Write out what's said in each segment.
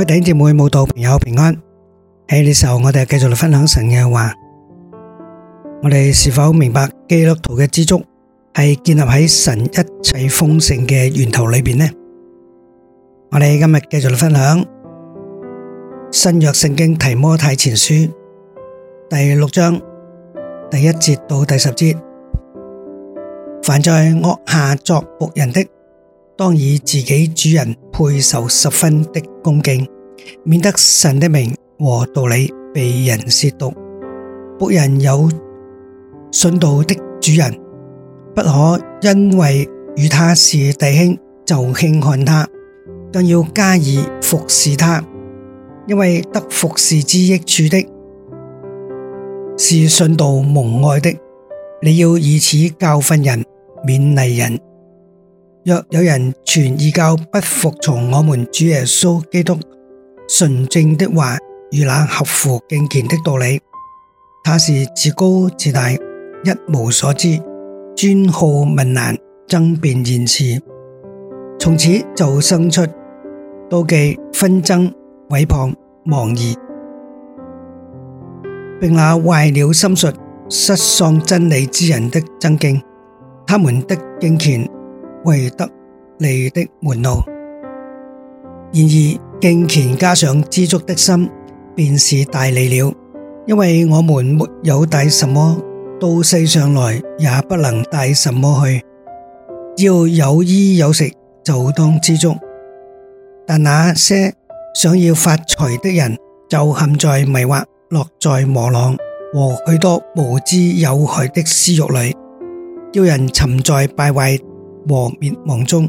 各位頂住每晚到朋友平安，喺呢個時候，我哋繼續嚟分享神嘅話。我哋是否明白《基督徒嘅知足》係建立喺神一切豐盛嘅源頭裏邊呢？我哋今日繼續嚟分享新約聖經《提摩太前書》第六章第一節到第十節。凡在軛下作僕人的，當以自己主人配受十分的恭敬。免得神的名和道理被人褻瀆。僕人有信道的主人，不可因為與他是弟兄就輕看他，更要加以服侍他，因為得服侍之益處的，是信道蒙愛的。你要以此教訓人，勉勵人。若有人傳異教，不服從我們主耶穌基督，純正的話與那合乎敬虔的道理，他是自高自大，一無所知，專好問難，爭辯言辭，從此就生出妒忌、紛爭、毀謗、忘義，並那壞了心術、失喪真理之人的憎敬，他們的敬虔為得利的門路。然而敬虔加上知足的心，便是大利了。因為我們沒有帶什麼到世上來，也不能帶什麼去。只要有衣有食，就當知足。但那些想要發財的人，就陷在迷惑、落在網羅和許多無知有害的私欲裏，叫人沉在敗壞和滅亡中。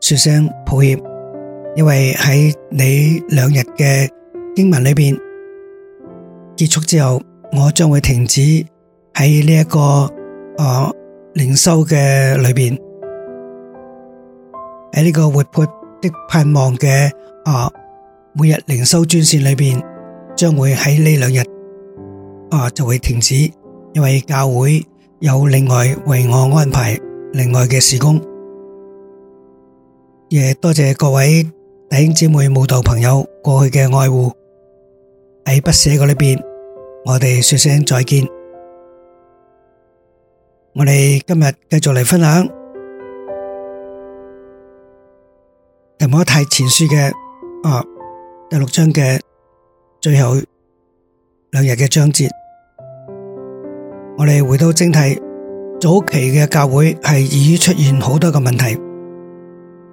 說聲抱歉，因為喺你兩日嘅經文裏邊結束之後，我將會停止喺呢一個啊靈修嘅裏邊喺呢個活潑的盼望嘅啊每日靈修專線裏邊，將會喺呢兩日啊就會停止，因為教會有另外為我安排另外嘅事工。也多謝，謝各位弟兄姊妹、舞蹈朋友過去嘅愛護喺不捨嗰裏邊，我哋說聲再見。我哋今日繼續嚟分享，提摩太前書嘅啊第六章嘅最後兩日嘅章節，我哋回到正題早期嘅教會係已出現好多嘅問題。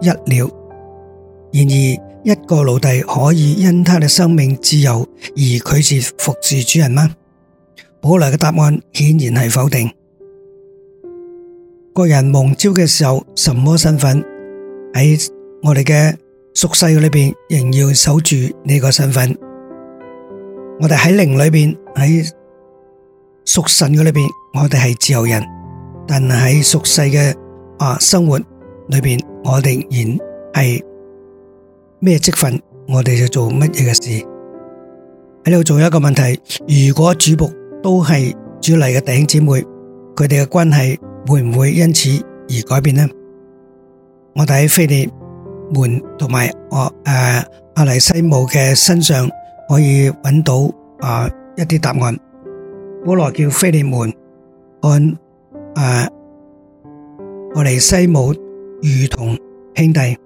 一了，然而一個奴隸可以因他嘅生命自由而拒絕服侍主人嗎？保羅嘅答案顯然係否定。各人蒙召嘅時候，什麼身份喺我哋嘅俗世裏邊，仍要守住呢個身份。我哋喺靈裏邊，喺屬神裏邊，我哋係自由人，但喺俗世嘅啊生活。裏邊我哋然係咩職份，我哋就做乜嘢嘅事。喺度仲有一個問題，如果主僕都係主嚟嘅弟兄姊妹，佢哋嘅關係會唔會因此而改變呢？我哋喺腓利門同埋我誒阿尼西姆嘅身上可以揾到啊一啲答案。本來叫腓利門，按誒阿尼西姆，如同兄弟，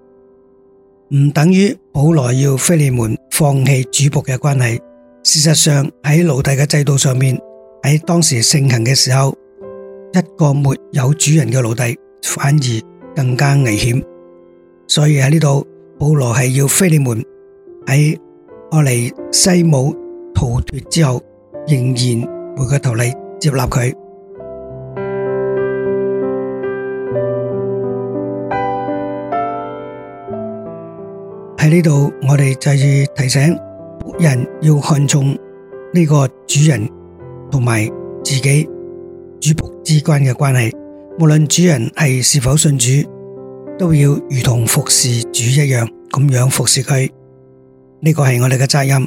唔等於保羅要腓利門放棄主僕嘅關係。事實上喺奴隸嘅制度上面，喺當時盛行嘅時候，一個沒有主人嘅奴隸反而更加危險。所以喺呢度，保羅係要腓利門喺愛嚟西姆逃脫之後，仍然回過頭嚟接納佢。呢度我哋就要提醒僕人要看重呢個主人同埋自己主僕之間嘅關係。無論主人係是否信主，都要如同服侍主一樣，咁樣服侍佢。呢、這個係我哋嘅責任。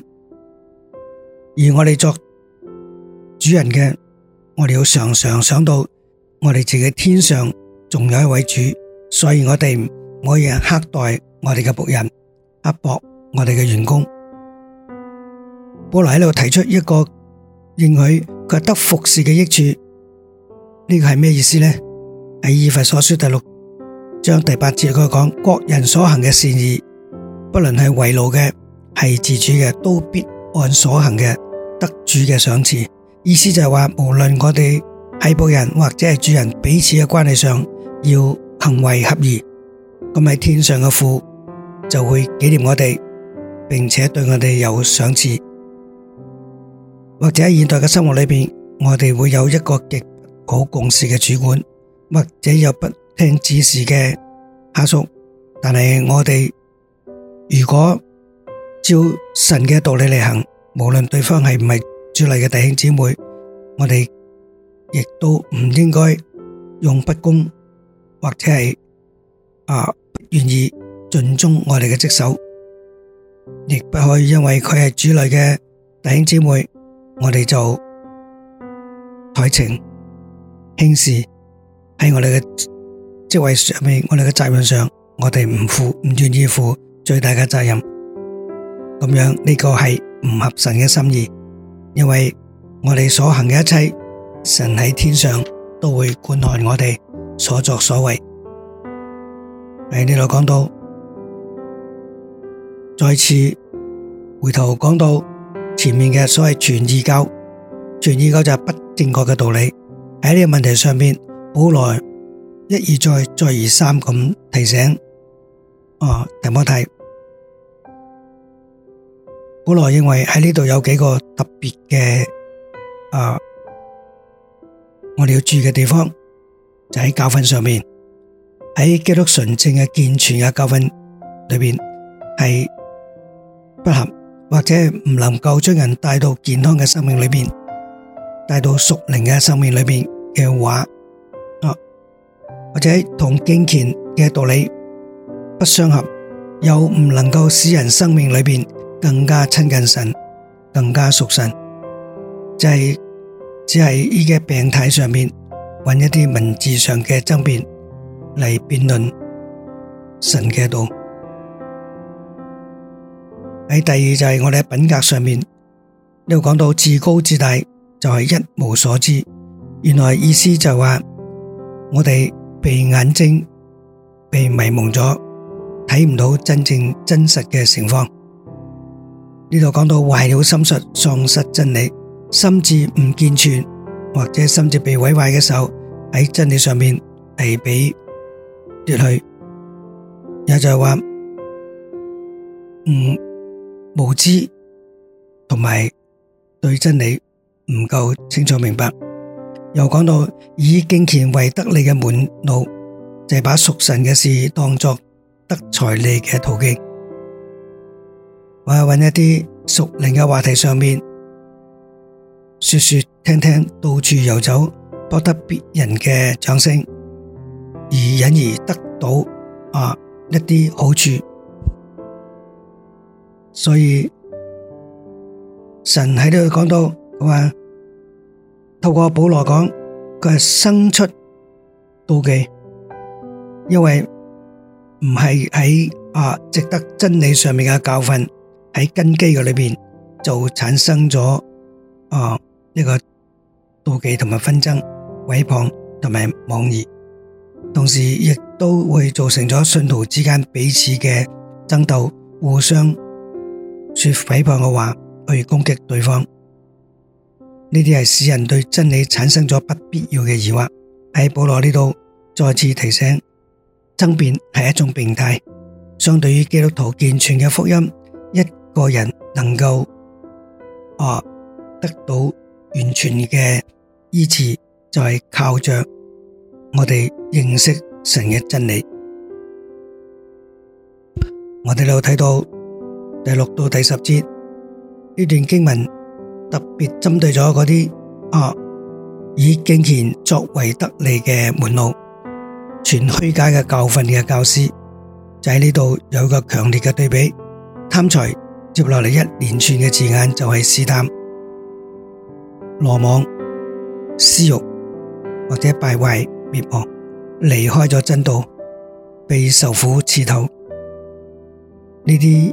而我哋作主人嘅，我哋要常常想到我哋自己的天上仲有一位主，所以我哋唔可以刻待我哋嘅僕人。阿博，我哋嘅員工，保羅喺度提出一個，允許佢得服侍嘅益處，呢個係咩意思呢？係以弗所書第六章第八節佢講，各人所行嘅善意，不論係為奴嘅，係自主嘅，都必按所行嘅得主嘅賞賜。意思就係話無論我哋係僕人或者係主人，彼此嘅關係上要行為合宜，咁喺天上嘅父。就會紀念我哋，並且對我哋有賞賜，或者喺現代嘅生活裏邊，我哋會有一個極唔好共事嘅主管，或者有不聽指示嘅下屬。但係我哋如果照神嘅道理嚟行，無論對方係唔係主嚟嘅弟兄姊妹，我哋亦都唔應該用不公，或者係啊願意。盡忠我哋嘅職守，亦不可以因為佢係主內嘅弟兄姊妹，我哋就怠情輕視。喺我哋嘅職位上面，我哋嘅責任上，我哋唔負唔願意負最大嘅責任。咁樣呢個係唔合神嘅心意，因為我哋所行嘅一切，神喺天上都會觀看我哋所作所為。喺呢度講到。再次回頭講到前面的所謂傳異教，傳異教就是不正確的道理。在這個問題上面保羅一而再、再而三咁提醒啊、哦，提摩太。保羅認為在這裏有幾個特別的啊，我們要注意嘅地方就是，在教訓上面，在基督純正的健全的教訓裏面是不合或者唔能夠將人帶到健康嘅生命裏邊，帶到屬靈嘅生命裏邊嘅話，啊，或者同經前嘅道理不相合，又唔能夠使人生命裏邊更加親近神，更加屬神，就係只係呢啲病體上面揾一啲文字上嘅爭辯嚟辯論神嘅道。喺第二就係我哋喺品格上面，呢度講到自高自大就係一無所知，原來意思就係話我哋被眼睛被迷蒙咗，睇唔到真正真實嘅情況。呢度講到壞了心術，喪失真理，心智唔健全，或者心智被毀壞嘅時候，喺真理上面係俾奪去，也就係話唔。無知同埋對真理唔夠清楚明白，又講到以敬虔為得利嘅門路，就係、是、把屬神嘅事當作得財利嘅途徑。我要揾一啲屬靈嘅話題上面說說聽聽，到處遊走，博得別人嘅掌聲，而引而得到啊一啲好處。所以神喺度講到話，透過保羅講佢係生出妒忌，因為唔係喺啊值得真理上面嘅教訓喺根基嘅裏面就產生咗啊呢個妒忌同埋紛爭、毀謗同埋妄意，同時亦都會造成咗信徒之間彼此嘅爭鬥，互相。說誹謗嘅話去攻擊對方，呢啲係使人對真理產生咗不必要嘅疑惑。喺保羅呢度再次提醒，爭辯係一種病態。相對於基督徒健全嘅福音，一個人能夠啊、哦、得到完全嘅醫治，就係靠着我哋認識神嘅真理。我哋又睇到。第六到第十節，呢段經文特別針對咗嗰啲啊，以敬虔作為得利嘅門路、傳虛假嘅教訓嘅教師，就喺呢度有個強烈嘅對比。貪財，接落嚟一連串嘅字眼就係試探、羅網、私欲或者敗壞、滅亡、離開咗真道、被受苦刺透呢啲。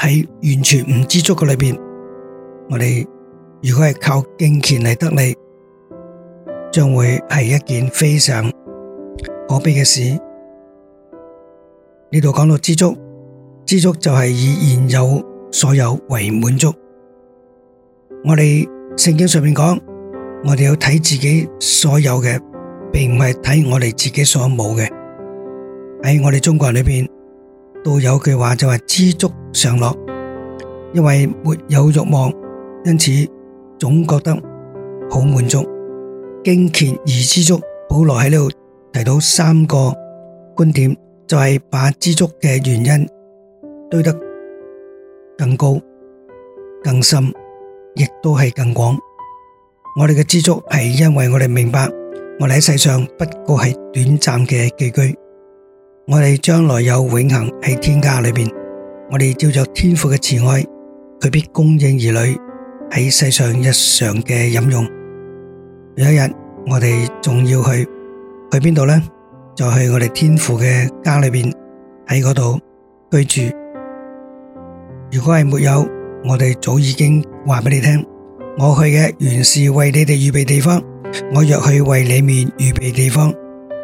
喺完全唔知足嘅裏面，我哋如果是靠敬虔嚟得利，將會是一件非常可悲嘅事。呢度講到知足，知足就是以現有所有為滿足。我哋聖經上面講，我哋要睇自己所有嘅，並唔是睇我哋自己所冇嘅。喺我哋中國人裏面。都有句話就話、是、知足常樂，因為沒有慾望，因此總覺得好滿足。敬虔而知足，保羅喺呢度提到三個觀點，就係把知足嘅原因堆得更高、更深，亦都係更廣。我哋嘅知足係因為我哋明白，我哋喺世上不過係短暫嘅寄居。我哋將來有永恒喺天家裏面，我哋照着天父嘅慈愛，佢必供應兒女喺世上日常嘅飲用。有一日，我哋仲要去去邊度呢？就去我哋天父嘅家裏面喺嗰度居住。如果係沒有，我哋早已經話俾你聽，我去嘅原是為你哋預備地方，我若去為你哋預備地方。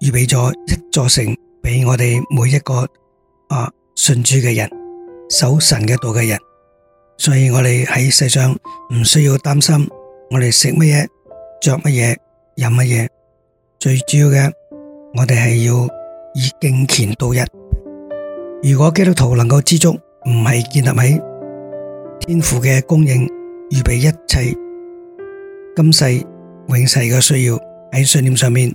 預備咗一座城俾我哋每一個啊信主嘅人，守神嘅道嘅人，所以我哋喺世上唔需要擔心我哋食乜嘢、着乜嘢、飲乜嘢。最主要嘅，我哋係要以敬虔度日。如果基督徒能夠知足，唔係建立喺天父嘅供應預備一切今世永世嘅需要，喺信念上面。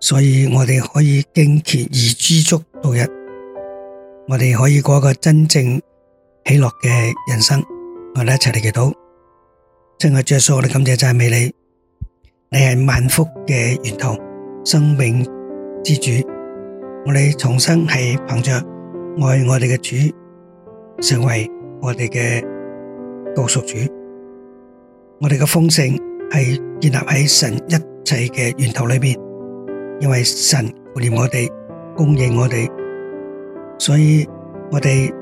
所以我哋可以敬虔而知足度日，我哋可以過一個真正喜樂嘅人生。我哋一齊嚟祈禱，正係着數。我哋感謝讚美你，你你係萬福嘅源頭，生命之主。我哋重生係憑着愛我哋嘅主，成為我哋嘅救贖主。我哋嘅豐盛係建立喺神一切嘅源頭裏邊。因為神顧念我哋，供應我哋，所以我哋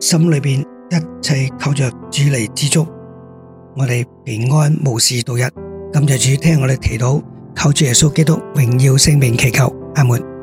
心裏邊一切靠着主嚟，知足，我哋平安無事度日。感謝主聽我哋祈禱，靠着耶穌基督榮耀聖名祈求，阿門。